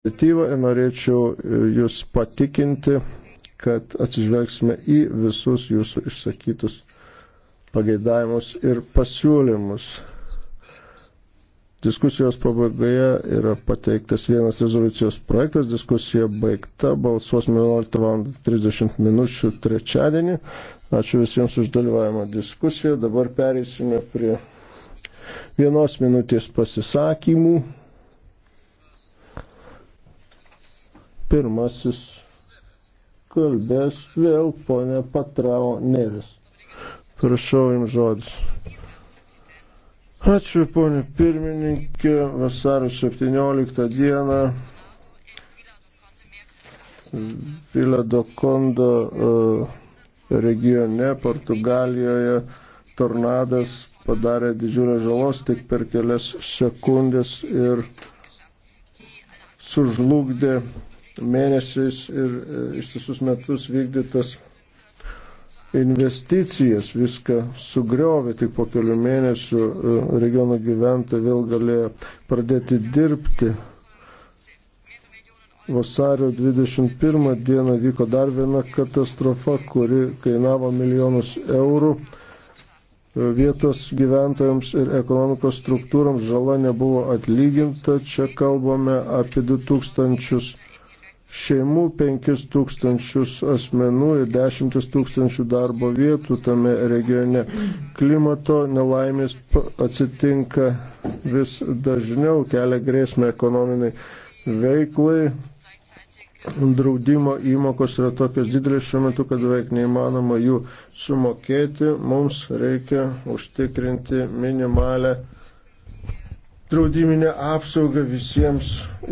iniciatyvą ir norėčiau e, Jūs patikinti, kad atsižvelgsime į visus Jūsų išsakytus pageidavimus ir pasiūlymus. Diskusijos pabaigoje yra pateiktas vienas rezoliucijos projektas, diskusija baigta, balsuosime 11.30 minučių trečiadienį. Ačiū visiems už dalyvavimą diskusiją. Dabar pereisime prie vienos minutės pasisakymų. Pirmasis kalbės vėl ponė Patrao Nevis. Prašau jums žodis. Ačiū, ponė pirmininkė, vasario 17 dieną Vila do Kondo e, regione Portugalijoje tornadas padarė didžiulę žalos tik per kelias sekundės ir sužlugdė mėnesiais ir e, ištisus metus vykdytas investicijas viską sugriovė, tik po kelių mėnesių e, regiono gyventojai vėl galėjo pradėti dirbti. Vasario 21 dieną vyko dar viena katastrofa, kuri kainavo milijonus eurų. E, vietos gyventojams ir ekonomikos struktūrams žala nebuvo atlyginta. Čia kalbame apie 2000 šeimų, 5000 asmenų ir 10 tūkstančių darbo vietų tame regione. Klimato nelaimės atsitinka vis dažniau, kelia grėsmę ekonominiai veiklai. Draudimo įmokos yra tokios didelės šiuo metu, kad beveik neįmanoma jų sumokėti. Mums reikia užtikrinti minimalę draudiminę apsaugą visiems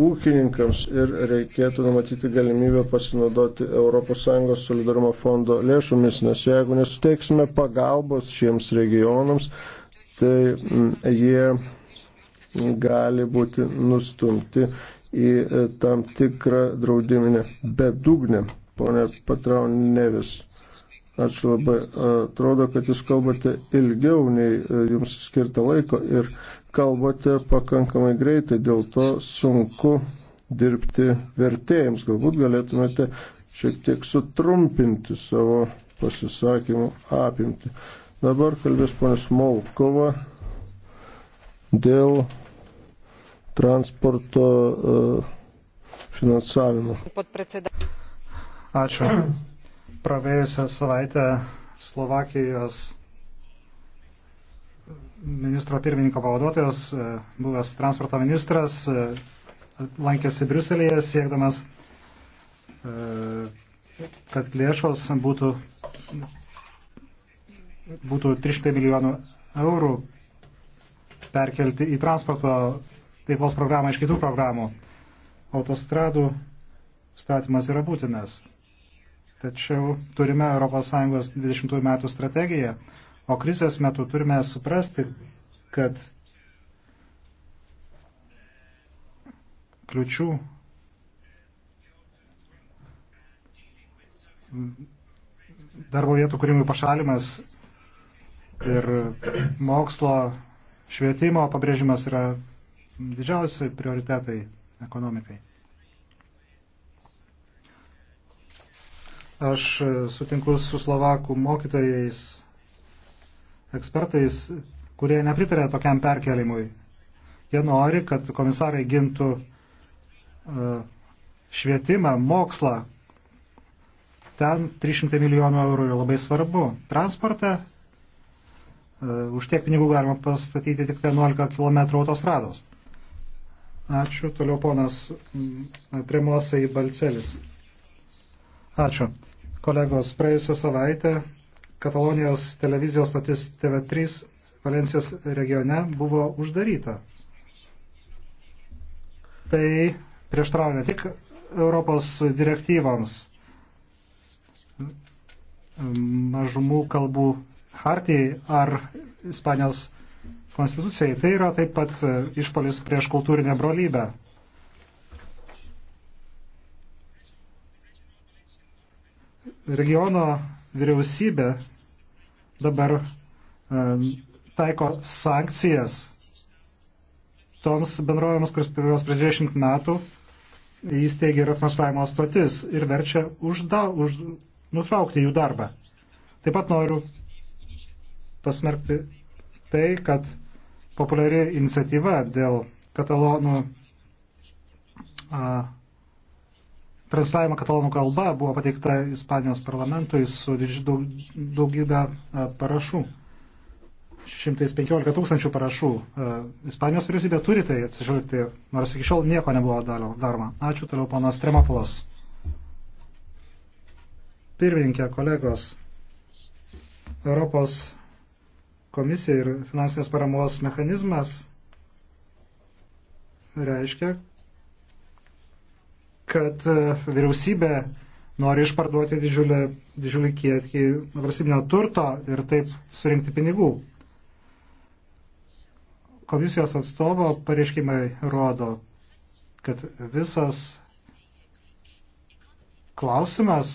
ūkininkams ir reikėtų numatyti galimybę pasinaudoti ES solidarumo fondo lėšomis, nes jeigu nesuteiksime pagalbos šiems regionams, tai mm, jie gali būti nustumti į e, tam tikrą draudiminę bedugnę. Pone Patraunėvis, ačiū labai. Atrodo, kad jūs kalbate ilgiau nei e, jums skirta laiko ir kalbate pakankamai greitai, dėl to sunku dirbti vertėjams. Galbūt galėtumėte šiek tiek sutrumpinti savo pasisakymų apimti. Dabar kalbės ponas Molkova dėl transporto e, finansavimo. Ačiū. Pravėjusią savaitę Slovakijos ministro pirmininko pavaduotojas, e, buvęs transporto ministras, e, lankėsi Briuselėje siekdamas, e, kad lėšos būtų, būtų 300 milijonų eurų perkelti į transporto veiklos programą iš kitų programų. Autostradų statymas yra būtinas. Tačiau turime ES 20 metų strategiją, O krizės metu turime suprasti, kad kliučių darbo vietų kūrimui pašalimas ir mokslo švietimo pabrėžimas yra didžiausi prioritetai ekonomikai. Aš sutinku su slovakų mokytojais ekspertais, kurie nepritarė tokiam perkelimui. Jie nori, kad komisarai gintų e, švietimą, mokslą. Ten 300 milijonų eurų yra labai svarbu. Transportą e, už tiek pinigų galima pastatyti tik 11 km autostrados. Ačiū. Toliau ponas Tremosai Balcelis. Ačiū. Kolegos, praėjusią savaitę Katalonijos televizijos stotis TV3 Valencijos regione buvo uždaryta. Tai prieštrauja ne tik Europos direktyvams, mažumų kalbų hartijai ar Ispanijos konstitucijai. Tai yra taip pat išpolis prieš kultūrinę brolybę. Regiono vyriausybė dabar e, taiko sankcijas toms bendrovėms, kurios prieš 20 metų įsteigė rafinavimo stotis ir verčia užda, už, nutraukti jų darbą. Taip pat noriu pasmerkti tai, kad populiari iniciatyva dėl katalonų a, transliavimo katalonų kalba buvo pateikta Ispanijos parlamentui su daug, daugybė e, parašų. 115 tūkstančių parašų. E, Ispanijos vyriausybė turi tai atsižvelgti, nors iki šiol nieko nebuvo daroma. Ačiū toliau, ponas Tremopolas. Pirmininkė, kolegos, Europos komisija ir finansinės paramos mechanizmas reiškia, kad e, vyriausybė nori išparduoti didžiulį, didžiulį kiekį valstybinio turto ir taip surinkti pinigų. Komisijos atstovo pareiškimai rodo, kad visas klausimas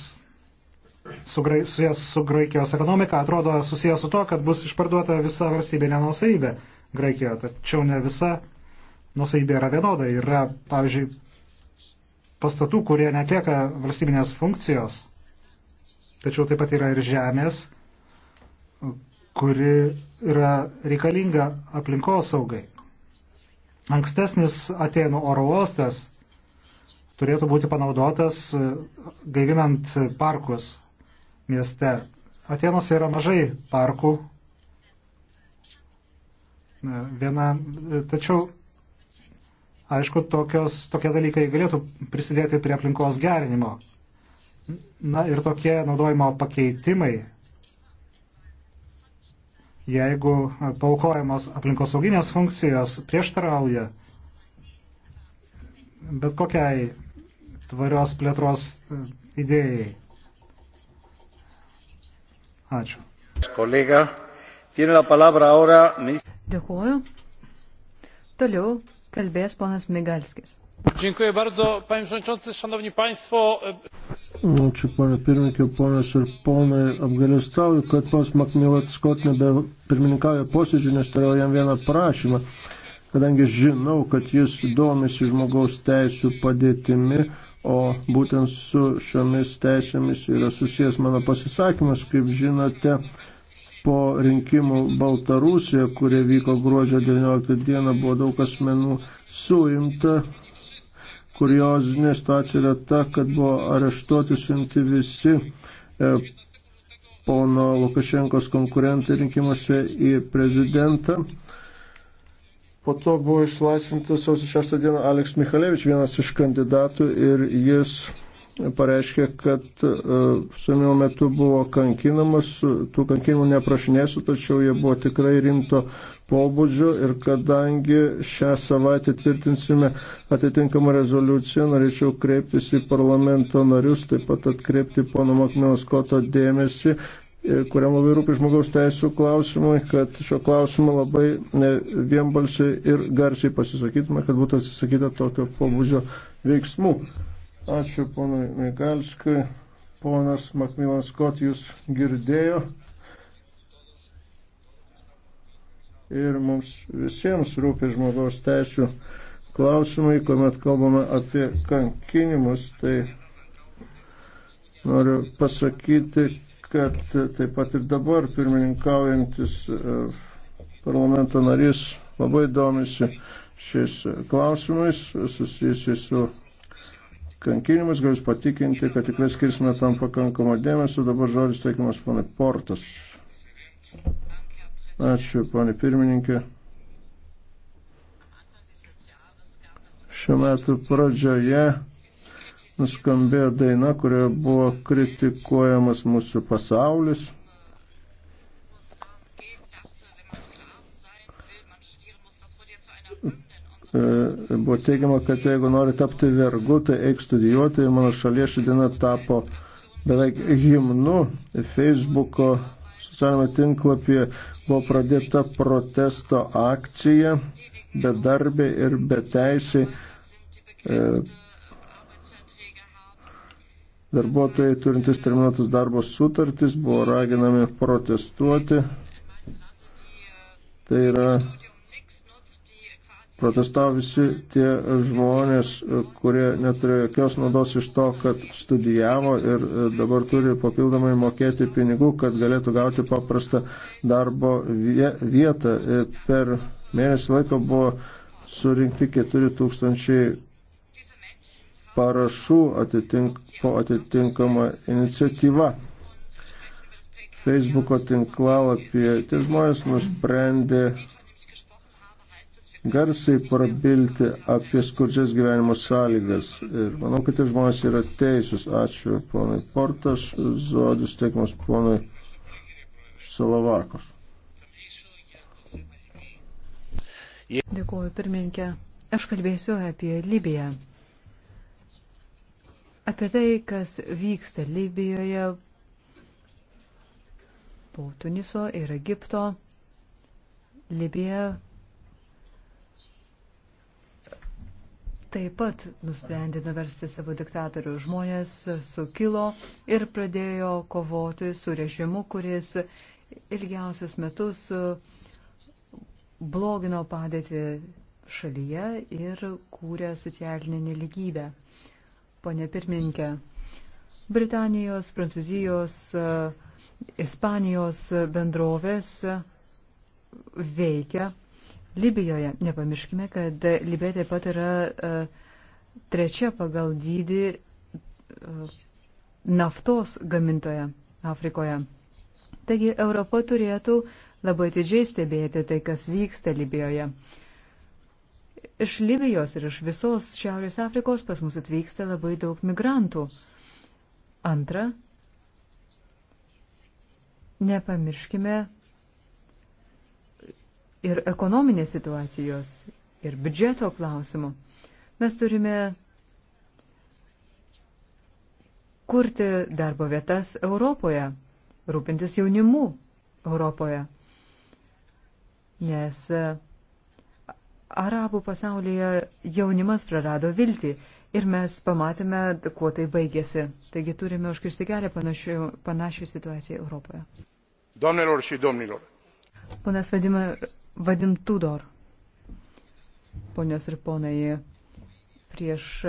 su, su, su Graikijos ekonomika atrodo susijęs su to, kad bus išparduota visa valstybinė nusaibė Graikijoje, tačiau ne visa nusaibė yra vienoda. Yra, pavyzdžiui, pastatų, kurie netlieka valstybinės funkcijos, tačiau taip pat yra ir žemės, kuri yra reikalinga aplinkosaugai. Ankstesnis Atenų oro uostas turėtų būti panaudotas e, gaivinant parkus mieste. Atenose yra mažai parkų. E, viena, e, tačiau Aišku, tokios, tokie dalykai galėtų prisidėti prie aplinkos gerinimo. Na ir tokie naudojimo pakeitimai, jeigu paukojamos aplinkosauginės funkcijos prieštarauja bet kokiai tvarios plėtros e, idėjai. Ačiū. Kolega, tiene la palabra ahora. Dėkuoju. Toliau Kalbės ponas Migalskis. Dziękuję bardzo, panie przewodniczący, szanowni państwo. Ačiū, pana pirmininkė, ponas ir ponai, apgalėstauju, kad pas Makmilat Skot nebe pirmininkauja posėdžių, nes turėjau jam vieną prašymą, kadangi žinau, kad jis domisi žmogaus teisų padėtimi, o būtent su šiomis teisėmis yra susijęs mano pasisakymas, kaip žinote po rinkimų Baltarusijoje, kurie vyko gruodžio 19 dieną, buvo daug asmenų suimta. Kuriozinė situacija yra ta, kad buvo areštuoti suimti visi e, pono Lukašenkos konkurentai rinkimuose į prezidentą. Po to buvo išlaisvintas sausio 6 dieną Aleks Michalevič, vienas iš kandidatų, ir jis pareiškė, kad e, suėmimo metu buvo kankinamas, tų kankinimų neprašinėsiu, tačiau jie buvo tikrai rimto pobūdžio ir kadangi šią savaitę tvirtinsime atitinkamą rezoliuciją, norėčiau kreiptis į parlamento narius, taip pat atkreipti pono Makmėjos Koto dėmesį e, kuriam labai rūpi žmogaus teisų klausimai, kad šio klausimo labai e, vienbalsiai ir garsiai pasisakytume, kad būtų atsisakyta tokio pobūdžio veiksmų. Ačiū ponui Migalskui. Ponas Makmilan Skot jūs girdėjo. Ir mums visiems rūpi žmogaus teisų klausimai, kuomet kalbame apie kankinimus, tai noriu pasakyti, kad taip pat ir dabar pirmininkaujantis e, parlamento narys labai domisi šiais klausimais susijusiais su kankinimus, galiu patikinti, kad tikrai skirsime tam pakankamą dėmesio. Dabar žodis teikiamas ponai Portas. Ačiū, ponai pirmininkė. Šiuo metu pradžioje nuskambėjo daina, kurioje buvo kritikuojamas mūsų pasaulis. E, buvo teigiama, kad jeigu nori tapti vergu, tai eik studijuoti. Mano šalyje ši diena tapo beveik himnu. Facebook'o socialinėme tinklapyje buvo pradėta protesto akcija bedarbė ir beteisiai. E, darbuotojai turintys terminuotas darbo sutartys buvo raginami protestuoti. Tai yra Protestavo visi tie žmonės, kurie neturėjo jokios naudos iš to, kad studijavo ir e, dabar turi papildomai mokėti pinigų, kad galėtų gauti paprastą darbo vietą. E, per mėnesį laiko buvo surinkti 4000 parašų atitink, po atitinkamą iniciatyvą. Facebooko tinklalapyje tie žmonės nusprendė garsiai prabilti apie skurdžias gyvenimo sąlygas. Ir manau, kad tie žmonės yra teisūs. Ačiū ponai Portas, žodis teikimas ponai Salavakos. Dėkuoju, pirmininkė. Aš kalbėsiu apie Libiją. Apie tai, kas vyksta Libijoje po Tuniso ir Egipto. Libija taip pat nusprendė nuversti savo diktatorių. Žmonės sukilo ir pradėjo kovoti su režimu, kuris ilgiausius metus blogino padėtį šalyje ir kūrė socialinę neligybę. Pone pirmininkė, Britanijos, Prancūzijos, Ispanijos bendrovės veikia Libijoje. Nepamirškime, kad Libija taip pat yra e, trečia pagal dydį e, naftos gamintoje Afrikoje. Taigi Europa turėtų labai atidžiai stebėti tai, kas vyksta Libijoje. Iš Libijos ir iš visos Šiaurės Afrikos pas mus atvyksta labai daug migrantų. Antra, nepamirškime ir ekonominės situacijos, ir biudžeto klausimų. Mes turime kurti darbo vietas Europoje, rūpintis jaunimu Europoje. Nes e, arabų pasaulyje jaunimas prarado viltį ir mes pamatėme, kuo tai baigėsi. Taigi turime užkirsti kelią panašią situaciją Europoje. Domnilor și domnilor. Ponas Vadima Vadim Tudor. Ponios ir ponai, prieš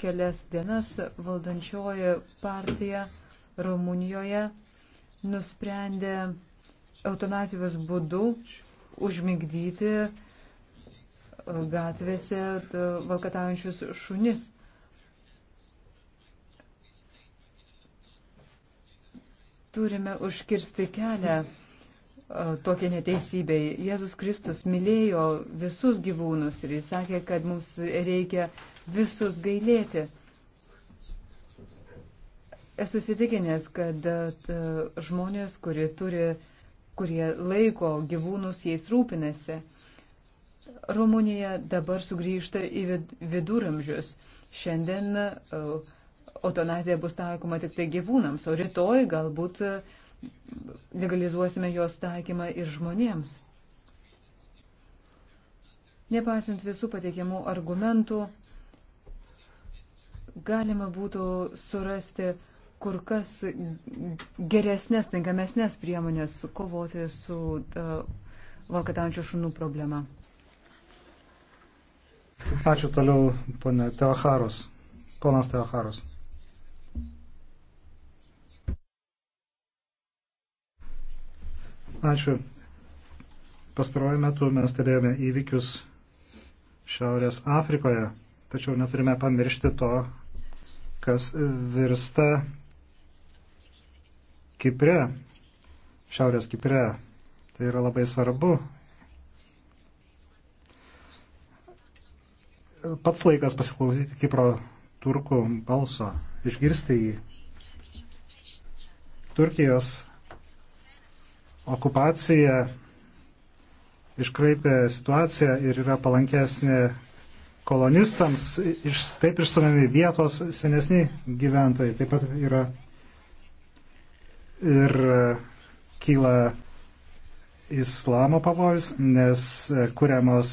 kelias dienas valdančioji partija Rumunijoje nusprendė eutanazijos būdu užmigdyti e, gatvėse valkataujančius šunis. Turime užkirsti kelią tokia neteisybė. Jėzus Kristus mylėjo visus gyvūnus ir jis sakė, kad mums reikia visus gailėti. Esu įsitikinęs, kad žmonės, kurie, turi, kurie laiko gyvūnus, jais rūpinasi. Rumunija dabar sugrįžta į viduramžius. Šiandien eutanazija bus taikoma tik tai gyvūnams, o rytoj galbūt uh, legalizuosime jos taikymą ir žmonėms. Nepaisant visų pateikiamų argumentų, galima būtų surasti kur kas geresnės, tinkamesnės priemonės kovoti su uh, valkatančių šunų problema. Ačiū toliau, ponė Teoharos. Ponas Teoharos. Ačiū. Pastaruoju metu mes stebėjome įvykius Šiaurės Afrikoje, tačiau neturime pamiršti to, kas virsta Kipre, Šiaurės Kipre. Tai yra labai svarbu. Pats laikas pasiklausyti Kipro turkų balso, išgirsti jį. Turkijos okupacija iškraipė situaciją ir yra palankesnė kolonistams, iš, taip išstumiami vietos senesni gyventojai. Taip pat yra ir e, kyla islamo pavojus, nes e, kuriamos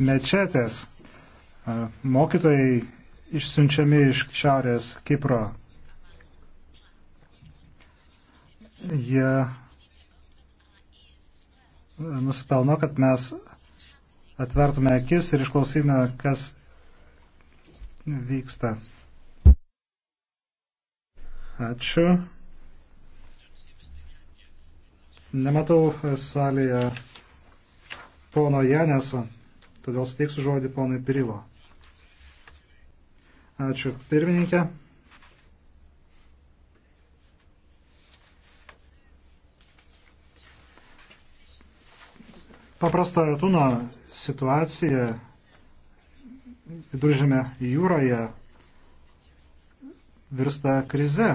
mečetės. E, mokytojai išsiunčiami iš šiaurės Kipro jie e, nusipelno, kad mes atvertume akis ir išklausytume, kas vyksta. Ačiū. Nematau salėje pono Janeso, todėl suteiksiu žodį ponui Pirilo. Ačiū pirmininkė. Paprastojo tuno situacija viduržėme jūroje virsta krize.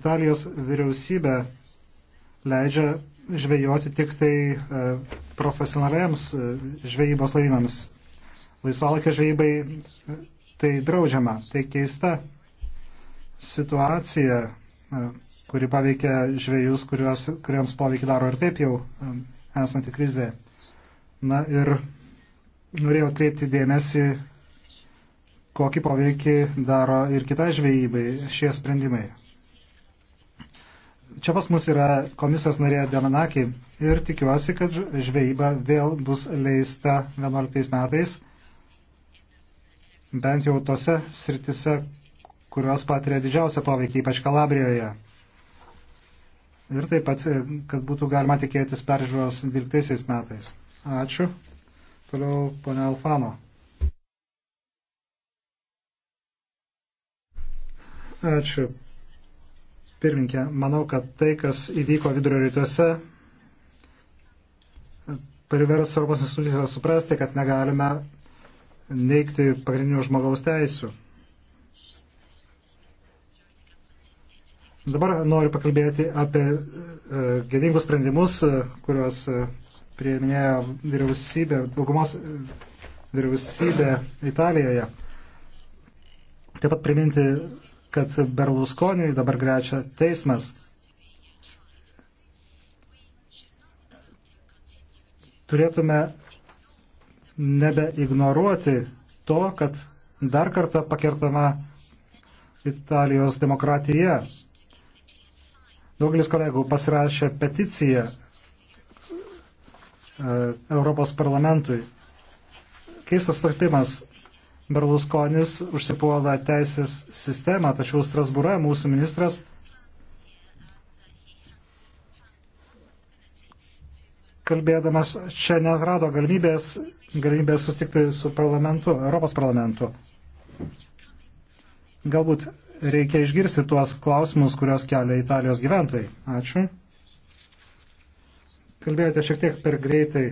Italijos vyriausybė leidžia žvejoti tik tai e, profesionaliems e, žvejybos laivynams. Laisvalakio žvejybai e, tai draudžiama, tai keista situacija kuri paveikia žvėjus, kurios, kuriems poveikį daro ir taip jau esanti krizė. Na ir norėjau atkreipti dėmesį, kokį poveikį daro ir kitai žvejybai šie sprendimai. Čia pas mus yra komisijos narė Demanakį ir tikiuosi, kad žvejyba vėl bus leista 11 metais, bent jau tose sritise, kurios patiria didžiausią poveikį, ypač Kalabrijoje ir taip pat, e, kad būtų galima tikėtis peržiūros 12 metais. Ačiū. Toliau ponia Alfano. Ačiū. Pirminkė, manau, kad tai, kas įvyko vidurio rytuose, privers Europos institucijas suprasti, kad negalime neikti pagrindinių žmogaus teisų. Dabar noriu pakalbėti apie e, gėdingus sprendimus, e, kuriuos e, prieiminėjo vyriausybė, daugumos vyriausybė Italijoje. Taip pat priminti, kad Berlusconiui dabar grečia teismas. Turėtume nebeignoruoti to, kad dar kartą pakertama Italijos demokratija. Daugelis kolegų pasirašė peticiją e, Europos parlamentui. Keistas sutapimas. Berlusconis užsipuola teisės sistemą, tačiau Strasbūra mūsų ministras kalbėdamas čia nerado galimybės, galimybės sustikti su parlamentu, Europos parlamentu. Galbūt reikia išgirsti tuos klausimus, kuriuos kelia Italijos gyventojai. Ačiū. Kalbėjote šiek tiek per greitai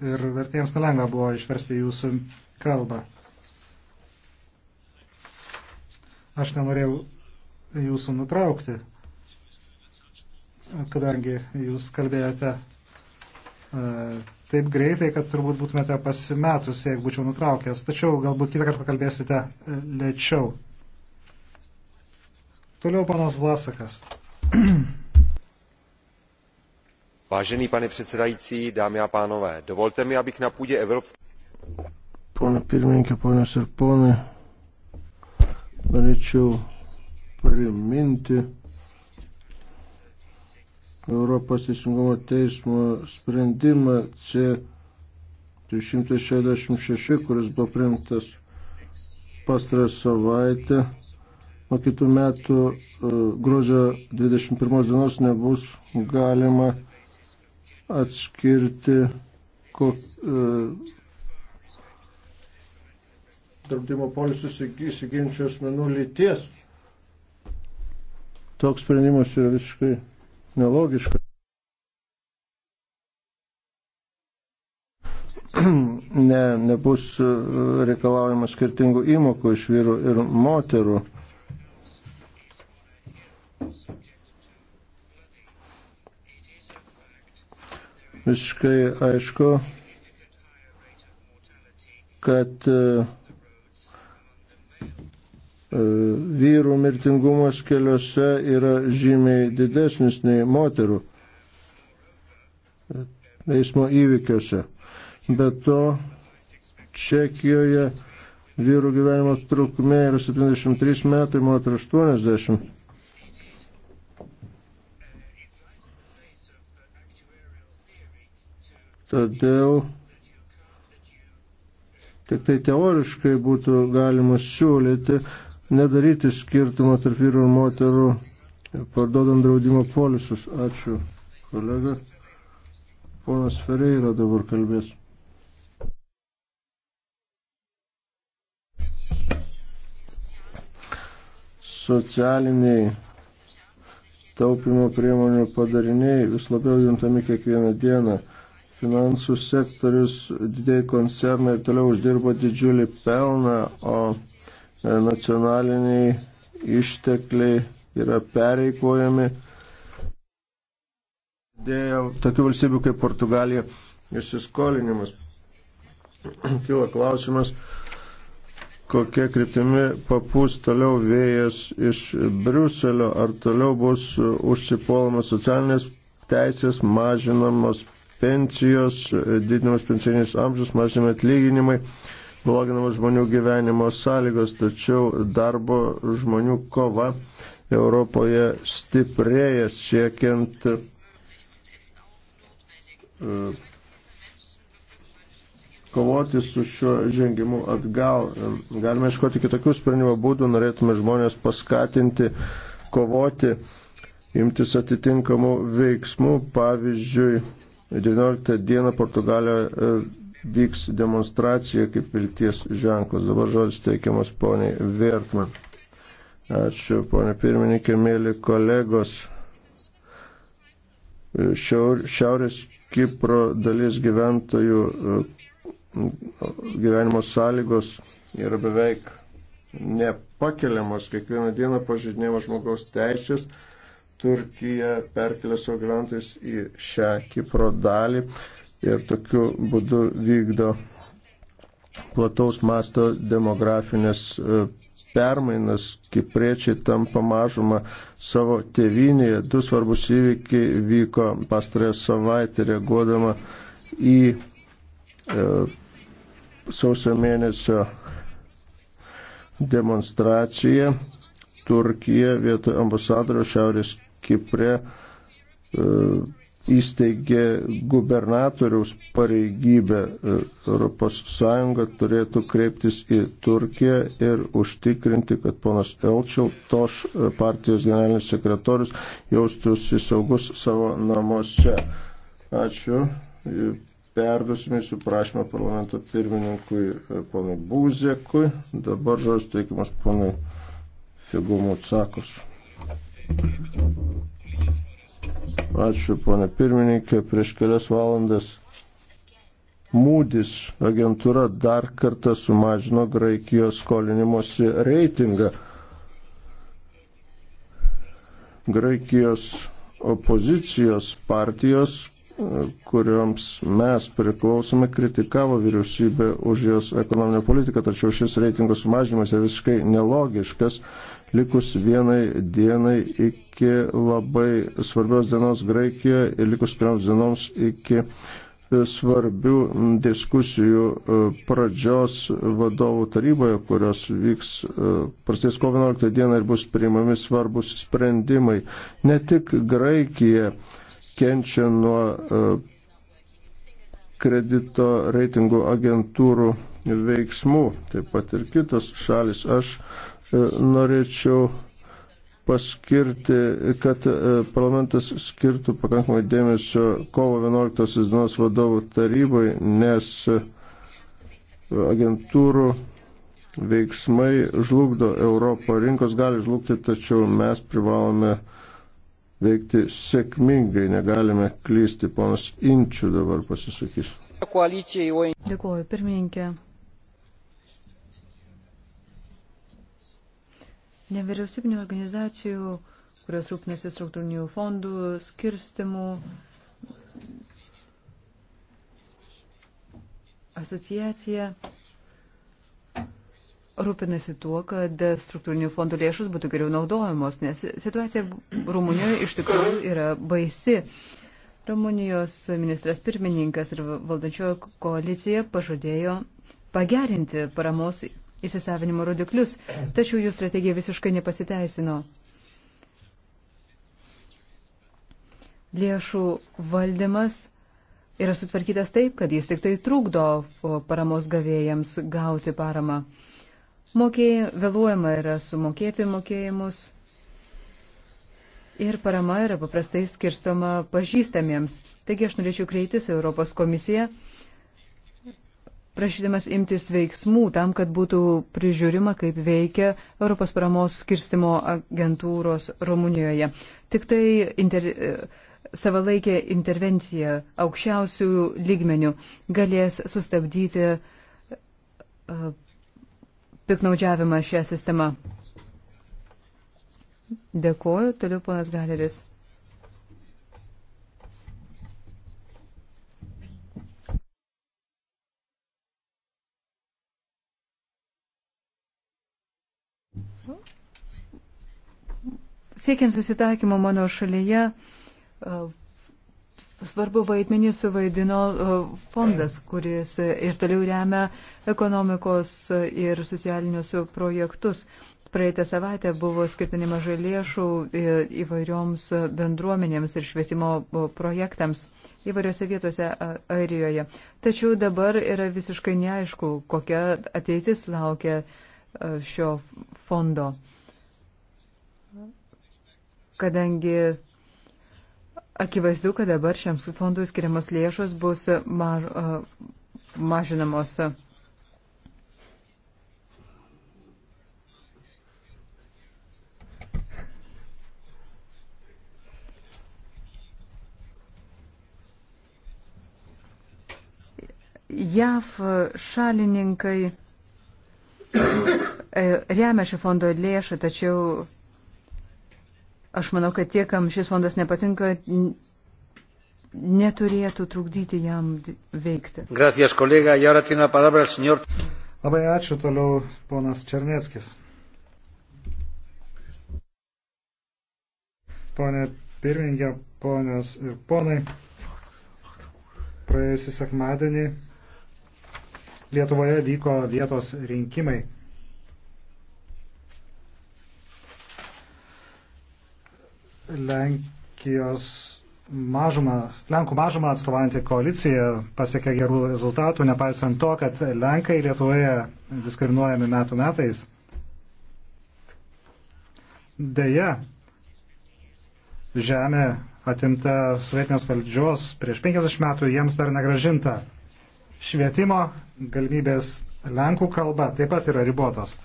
ir vertėjams nelengva buvo išversti jūsų kalbą. Aš nenorėjau jūsų nutraukti, kadangi jūs kalbėjote e, taip greitai, kad turbūt būtumėte pasimetus, jeigu būčiau nutraukęs. Tačiau galbūt kitą kartą kalbėsite e, lėčiau. Toliau panas Vlasakas. Vážený pane předsedající, dámy a pánové, dovolte mi, abych na půdě Evropské... Pane pirmininkė, ponios ir ponai, norėčiau priminti Europos teisingumo teismo sprendimą C366, kuris buvo priimtas pastarą savaitę nuo kitų metų e, gruodžio 21 dienos nebus galima atskirti kok, e, darbdymo polisus įsiginčių asmenų lyties. Toks sprendimas yra visiškai nelogiškas. Ne, nebus e, reikalaujama skirtingų įmokų iš vyrų ir moterų. visiškai aišku, kad e, e, vyrų mirtingumas keliuose yra žymiai didesnis nei moterų eismo įvykiuose. Be to, Čekijoje vyrų gyvenimo trukmė yra 73 metai, moterų 80. Todėl tik tai teoriškai būtų galima siūlyti nedaryti skirtumo tarp vyrų ir moterų, parduodant draudimo polisus. Ačiū, kolega. Ponas Ferreira dabar kalbės. Socialiniai taupimo priemonių padariniai vis labiau juntami kiekvieną dieną finansų sektorius, didėjai koncernai ir toliau uždirba didžiulį pelną, o e, nacionaliniai ištekliai yra pereikvojami. Dėjo tokių valstybių kaip Portugalija įsiskolinimas. Kila klausimas, kokia kryptimi papūs toliau vėjas iš Briuselio, ar toliau bus užsipuolamas socialinės teisės, mažinamos pensijos, didinamas pensinis amžius, mažinami atlyginimai, bloginamas žmonių gyvenimo sąlygos, tačiau darbo žmonių kova Europoje stiprėja siekiant e, kovoti su šiuo žengimu atgal. Galime iškoti kitokių sprendimo būdų, norėtume žmonės paskatinti, kovoti, imtis atitinkamų veiksmų, pavyzdžiui, 19 dieną Portugalijoje vyks demonstracija kaip vilties ženklas. Dabar žodis teikiamas poniai Vertman. Ačiū, ponė pirmininkė, mėly kolegos. E, Šiaurės Kipro dalis gyventojų e, gyvenimo sąlygos yra beveik nepakeliamos. Kiekvieną dieną pažydinėjamos žmogaus teisės. Turkija perkelia savo gyventojus į šią Kipro dalį ir tokiu būdu vykdo plataus masto demografinės e, permainas, kipriečiai tampa mažumą savo tėvynėje. Du svarbus įvykiai vyko pastarąją savaitę reaguodama į e, sausio mėnesio demonstraciją. Turkija vietoj ambasadorio Šiaurės Kiprė e, įsteigė gubernatoriaus pareigybę. ES turėtų kreiptis į Turkiją ir užtikrinti, kad ponas Elčil, toš e, partijos generalinis sekretorius, jaustųsi saugus savo namuose. Ačiū. E, Perdusime su prašymą parlamento pirmininkui ponui Būzekui. Dabar žodis teikimas ponui Figumu Cakus. Ačiū, ponė pirmininkė. Prieš kelias valandas Mūdis agentūra dar kartą sumažino Graikijos skolinimosi reitingą. Graikijos opozicijos partijos, kurioms mes priklausome, kritikavo vyriausybę už jos ekonominę politiką, tačiau šis reitingo sumažinimas yra visiškai nelogiškas, likus vienai dienai iki labai svarbios dienos Graikijoje ir likus kelioms dienoms iki svarbių diskusijų e, pradžios vadovų taryboje, kurios vyks e, prasidės kovo 11 dieną ir bus priimami svarbus sprendimai. Ne tik Graikija kenčia nuo e, kredito reitingų agentūrų veiksmų, taip pat ir kitos šalis. Aš norėčiau paskirti, kad e, parlamentas skirtų pakankamai dėmesio kovo 11 dienos vadovų tarybai, nes e, agentūrų veiksmai žlugdo Europą, rinkos gali žlugti, tačiau mes privalome veikti sėkmingai, negalime klysti. Ponas Inčių dabar pasisakys. Dėkuoju, pirmininkė. Nevyriausybinio organizacijų, kurios rūpnėsi struktūrinių fondų, skirstimų, asociacija rūpinasi tuo, kad struktūrinių fondų lėšus būtų geriau naudojamos, nes situacija Rumunijoje iš tikrųjų yra baisi. Rumunijos ministras pirmininkas ir valdančiojo koalicija pažadėjo pagerinti paramos įsisavinimo rodiklius, tačiau jų strategija visiškai nepasiteisino. Lėšų valdymas yra sutvarkytas taip, kad jis tik tai trukdo paramos gavėjams gauti paramą. Mokėj, vėluojama yra sumokėti mokėjimus ir parama yra paprastai skirstoma pažįstamiems. Taigi aš norėčiau kreiptis Europos komisiją prašydamas imtis veiksmų tam, kad būtų prižiūrima, kaip veikia Europos paramos skirstimo agentūros Rumunijoje. Tik tai inter, e, savalaikė intervencija aukščiausių lygmenių galės sustabdyti uh, piknaudžiavimą šią sistemą. Dėkuoju, toliau ponas Galeris. Siekiant susitaikymo mano šalyje, svarbu vaidmenį suvaidino fondas, kuris ir toliau remia ekonomikos ir socialinius projektus. Praeitą savaitę buvo skirta nemažai lėšų e, įvairioms bendruomenėms ir švietimo projektams įvairiose vietose Airijoje. Tačiau dabar yra visiškai neaišku, kokia ateitis laukia šio fondo kadangi akivaizdu, kad dabar šiam fondui skiriamos lėšos bus maž, mažinamos. JAV šalininkai e, remia šio fondo lėšą, tačiau Aš manau, kad tie, kam šis fondas nepatinka, neturėtų trukdyti jam veikti. Gracias, kolega. Y ahora tiene la palabra el señor. Labai ačiū toliau, ponas Černieckis. Pone pirmininkė, ponios ir ponai, praėjusį sekmadienį Lietuvoje vyko vietos rinkimai. Lenkijos mažumą, Lenkų mažumą atstovaujantį koaliciją pasiekė gerų rezultatų, nepaisant to, kad Lenkai Lietuvoje diskriminuojami metų metais. Deja, žemė atimta sveitinės valdžios prieš 50 metų jiems dar negražinta. Švietimo galimybės Lenkų kalba taip pat yra ribotos.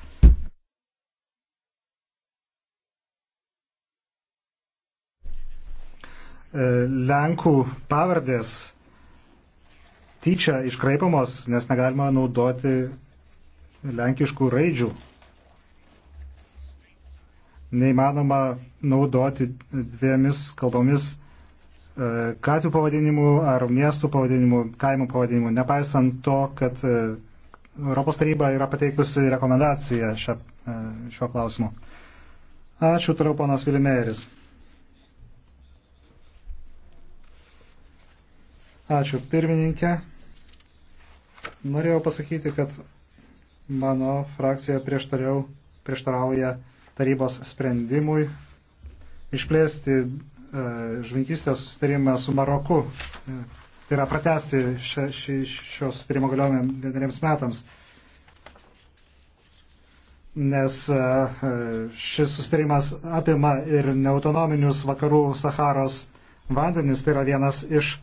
E, Lenkų pavardės tyčia iškraipamos, nes negalima naudoti lenkiškų raidžių. Neįmanoma naudoti dviemis kalbomis e, gatvių pavadinimų ar miestų pavadinimų, kaimų pavadinimų, nepaisant to, kad e, Europos taryba yra pateikusi rekomendaciją šio, šio klausimu. Ačiū toliau, ponas Vilimėris. Ačiū pirmininkė. Norėjau pasakyti, kad mano frakcija prieštarauja tarybos sprendimui išplėsti e, žvinkystės susitarimą su Maroku. E, tai yra pratesti šio, šio susitarimo galiojimą vieneriems metams. Nes e, šis susitarimas apima ir neautonominius vakarų Saharos vandenis. Tai yra vienas iš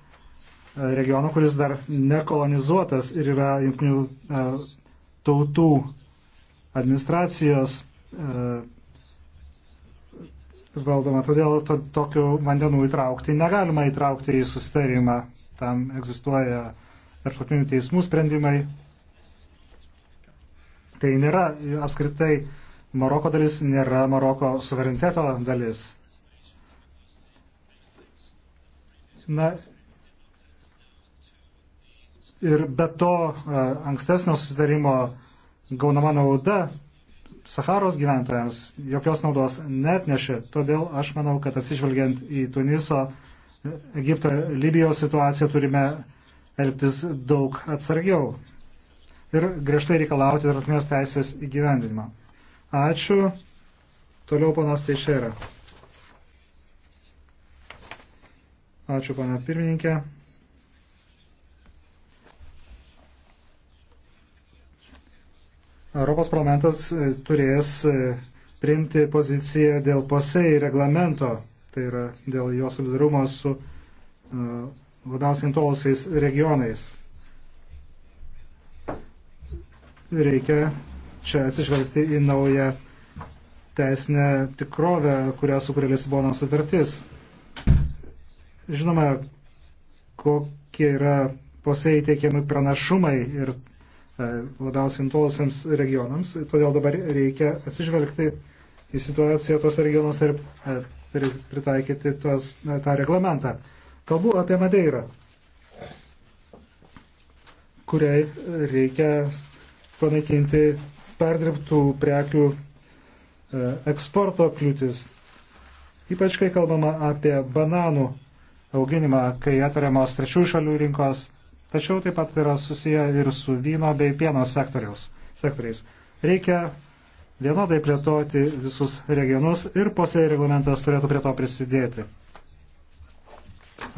E, regiono, kuris dar nekolonizuotas ir yra jungtinių e, tautų administracijos e, valdoma. Todėl to, tokių vandenų įtraukti negalima įtraukti į sustarimą. Tam egzistuoja tarptautinių teismų sprendimai. Tai nėra apskritai Maroko dalis, nėra Maroko suvereniteto dalis. Na Ir be to e, ankstesnio susitarimo gaunama nauda Saharos gyventojams jokios naudos net neši. Todėl aš manau, kad atsižvelgiant į Tuniso, Egipto, Libijos situaciją turime elgtis daug atsargiau ir griežtai reikalauti tarptautinės teisės įgyvendinimą. Ačiū. Toliau panas Teišėra. Ačiū, pana pirmininkė. Europos parlamentas e, turės e, priimti poziciją dėl posei reglamento, tai yra dėl jo solidarumo su e, labiausiai intolusiais regionais. Reikia čia atsižvelgti į naują teisinę tikrovę, kurią sukuria Lisabono sutartis. Žinoma, kokie yra posei teikiami pranašumai ir E, labiausiai nutolusiems regionams. Todėl dabar reikia atsižvelgti į situaciją tos regionuose ir e, pritaikyti tos, e, tą reglamentą. Kalbu apie Madeirą, kuriai reikia panaikinti perdirbtų prekių eksporto kliūtis. Ypač kai kalbama apie bananų auginimą, kai atveriamos trečių šalių rinkos Tačiau taip pat yra susiję ir su vyno bei pieno sektoriais. Reikia vienodai plėtoti visus regionus ir posėjai reglamentas turėtų prie to prisidėti.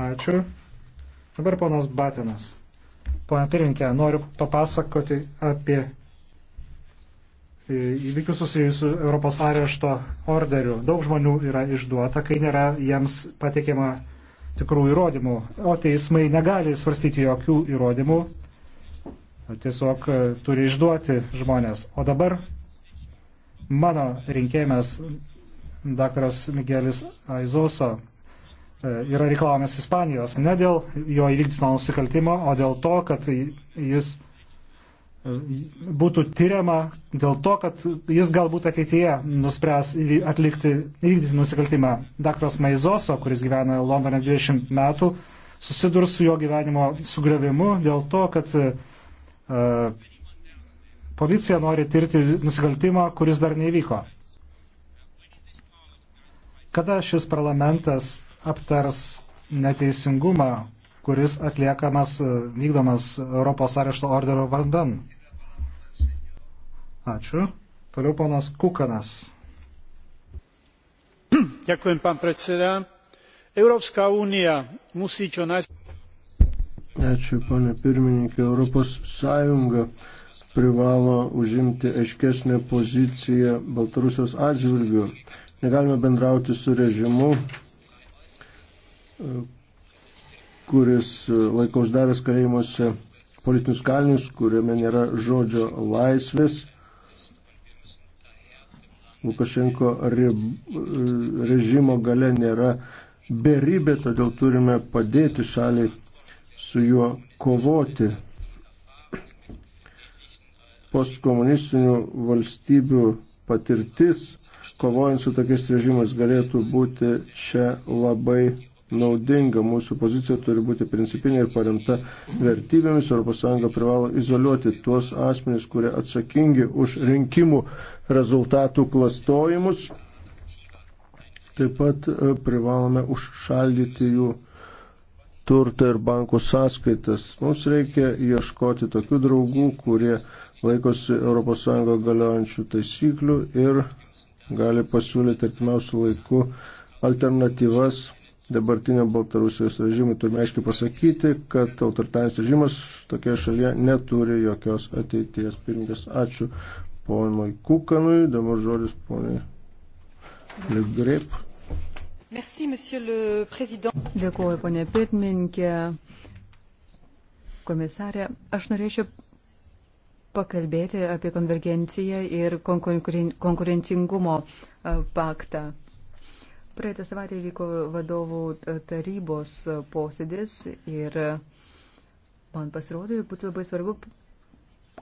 Ačiū. Dabar ponas Batinas. Pone pirinkė, noriu papasakoti apie e, įvykių susijusių Europos arešto orderių. Daug žmonių yra išduota, kai nėra jiems patikima tikrų įrodymų, o teismai negali svarstyti jokių įrodymų, tiesiog e, turi išduoti žmonės. O dabar mano rinkėjimas, daktaras Miguelis Aizoso, e, yra reikalavimas Ispanijos ne dėl jo įvykdyto nusikaltimo, o dėl to, kad jis būtų tyriama dėl to, kad jis galbūt ateityje nuspręs atlikti, įvykdyti nusikaltimą. Daktaras Maizoso, kuris gyvena Londone 20 metų, susidurs su jo gyvenimo sugrėvimu dėl to, kad uh, policija nori tirti nusikaltimą, kuris dar nevyko. Kada šis parlamentas aptars neteisingumą, kuris atliekamas, e, vykdomas Europos arešto ordero vardan. Ačiū. Toliau ponas Kukanas. Ďakujem, pán predseda. Európska únia musí čo naj... Ačiū, pane pirmininkė. Europos Sąjunga privalo užimti aiškesnę poziciją Baltarusijos atžvilgių. Negalime bendrauti su režimu, kuris e, laiko uždaręs kalėjimuose politinius kalinius, kuriame nėra žodžio laisvės. Lukašenko e, režimo gale nėra beribė, todėl turime padėti šaliai su juo kovoti. Postkomunistinių valstybių patirtis, kovojant su tokiais režimais, galėtų būti čia labai naudinga. Mūsų pozicija turi būti principinė ir paremta vertybėmis. ES privalo izoliuoti tuos asmenys, kurie atsakingi už rinkimų rezultatų klastojimus. Taip pat e, privalome užšaldyti jų turtą ir bankų sąskaitas. Mums reikia ieškoti tokių draugų, kurie laikosi ES galiojančių taisyklių ir gali pasiūlyti artimiausių laikų alternatyvas dabartiniam Baltarusijos režimui. Turime aiškiai pasakyti, kad autoritarinis režimas tokioje šalyje neturi jokios ateities. Pirmingas, ačiū ponui Kukanui, dabar žodis poniai Legrep. Merci, monsieur le président. Dėkuoju, ponė pirmininkė. Komisarė, aš norėčiau pakalbėti apie konvergenciją ir konkurencingumo paktą. Praeitą savaitę įvyko vadovų e, tarybos e, posėdis ir man pasirodė, jog būtų labai svarbu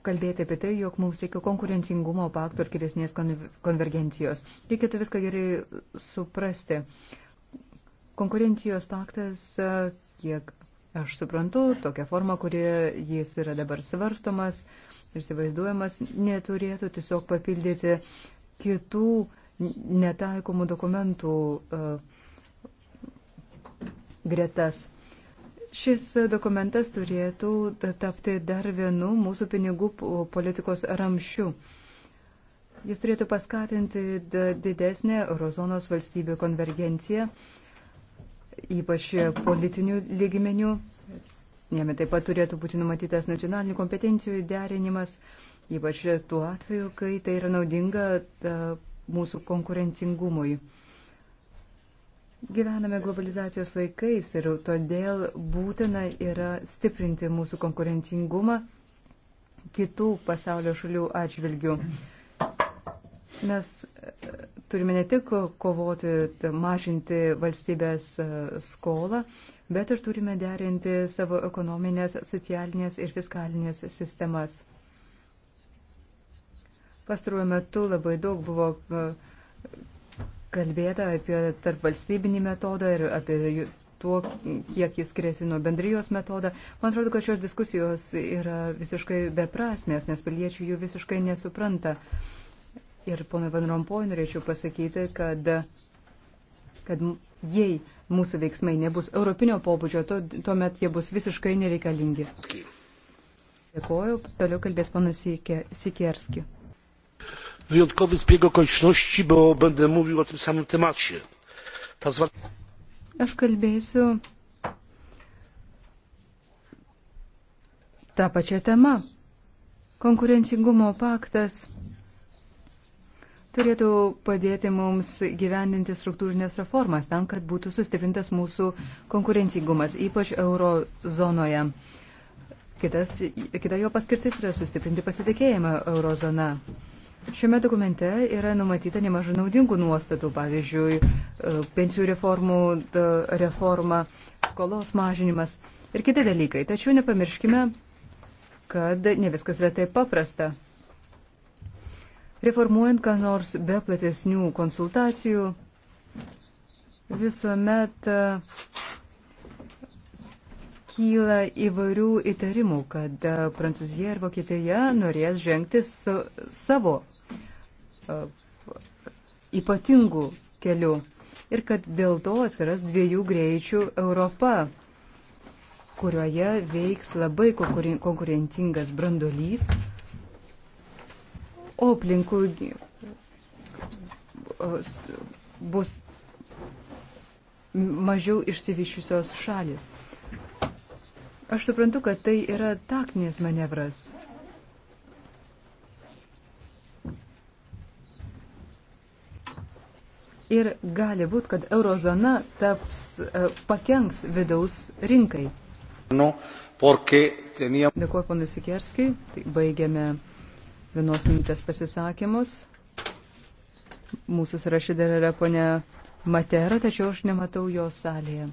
kalbėti apie tai, jog mums reikia konkurencingumo pakto ir geresnės konvergencijos. Reikėtų viską gerai suprasti. Konkurencijos paktas, e, kiek aš suprantu, tokia forma, kurie jis yra dabar svarstomas ir įsivaizduojamas, neturėtų tiesiog papildyti kitų uh, netaikomų dokumentų e, gretas. Šis dokumentas turėtų tapti dar vienu mūsų pinigų politikos ramšiu. Jis turėtų paskatinti didesnę eurozonos valstybių konvergenciją, ypač politinių lygmenių. Jame taip pat turėtų būti numatytas nacionalinių kompetencijų derinimas, ypač tuo atveju, kai tai yra naudinga mūsų konkurencingumui. Gyvename globalizacijos laikais ir todėl būtina yra stiprinti mūsų konkurencingumą kitų pasaulio šalių atžvilgių. Mes e, turime ne tik kovoti, mažinti valstybės e, skolą, bet ir turime derinti savo ekonominės, socialinės ir fiskalinės sistemas. Pastaruoju metu labai daug buvo e, kalbėta apie tarpvalstybinį metodą ir apie tuo, kiek jis skiriasi nuo bendrijos metodą. Man atrodo, kad šios diskusijos yra visiškai beprasmės, nes piliečių jų visiškai nesupranta. Ir ponui Van Rompoj norėčiau pasakyti, kad, kad jei mūsų veiksmai nebus europinio pobūdžio, to, tuomet jie bus visiškai nereikalingi. Dėkoju. Toliau kalbės panas Sikerski wyjątkowy zbieg okoliczności bo będę mówił o tym samym temacie. Aš kalbėsiu tą pačią temą. Konkurencingumo paktas turėtų padėti mums gyveninti struktūrinės reformas tam, kad būtų sustiprintas mūsų konkurencingumas, ypač eurozonoje. Kitas, kita jo paskirtis yra sustiprinti pasitikėjimą eurozoną. Šiame dokumente yra numatyta nemažai naudingų nuostatų, pavyzdžiui, e, pensijų reformų reforma, skolos mažinimas ir kiti dalykai. Tačiau nepamirškime, kad ne viskas yra taip paprasta. Reformuojant ką nors be platesnių konsultacijų, visuomet e, kyla įvairių įtarimų, kad e, Prancūzija ir Vokietija norės žengti savo E, ypatingų kelių ir kad dėl to atsiras dviejų greičių Europa, kurioje veiks labai konkurencingas brandolys, o aplinkui e, bus mažiau išsivyščiusios šalis. Aš suprantu, kad tai yra taktinės manevras, ir gali būti, kad eurozona taps, e, pakenks vidaus rinkai. No, nu, teniam... Dėkuoju, ponui Sikerskiai. Tai baigiame vienos minutės pasisakymus. Mūsų sąrašydė yra ponia Matera, tačiau aš nematau jo salėje.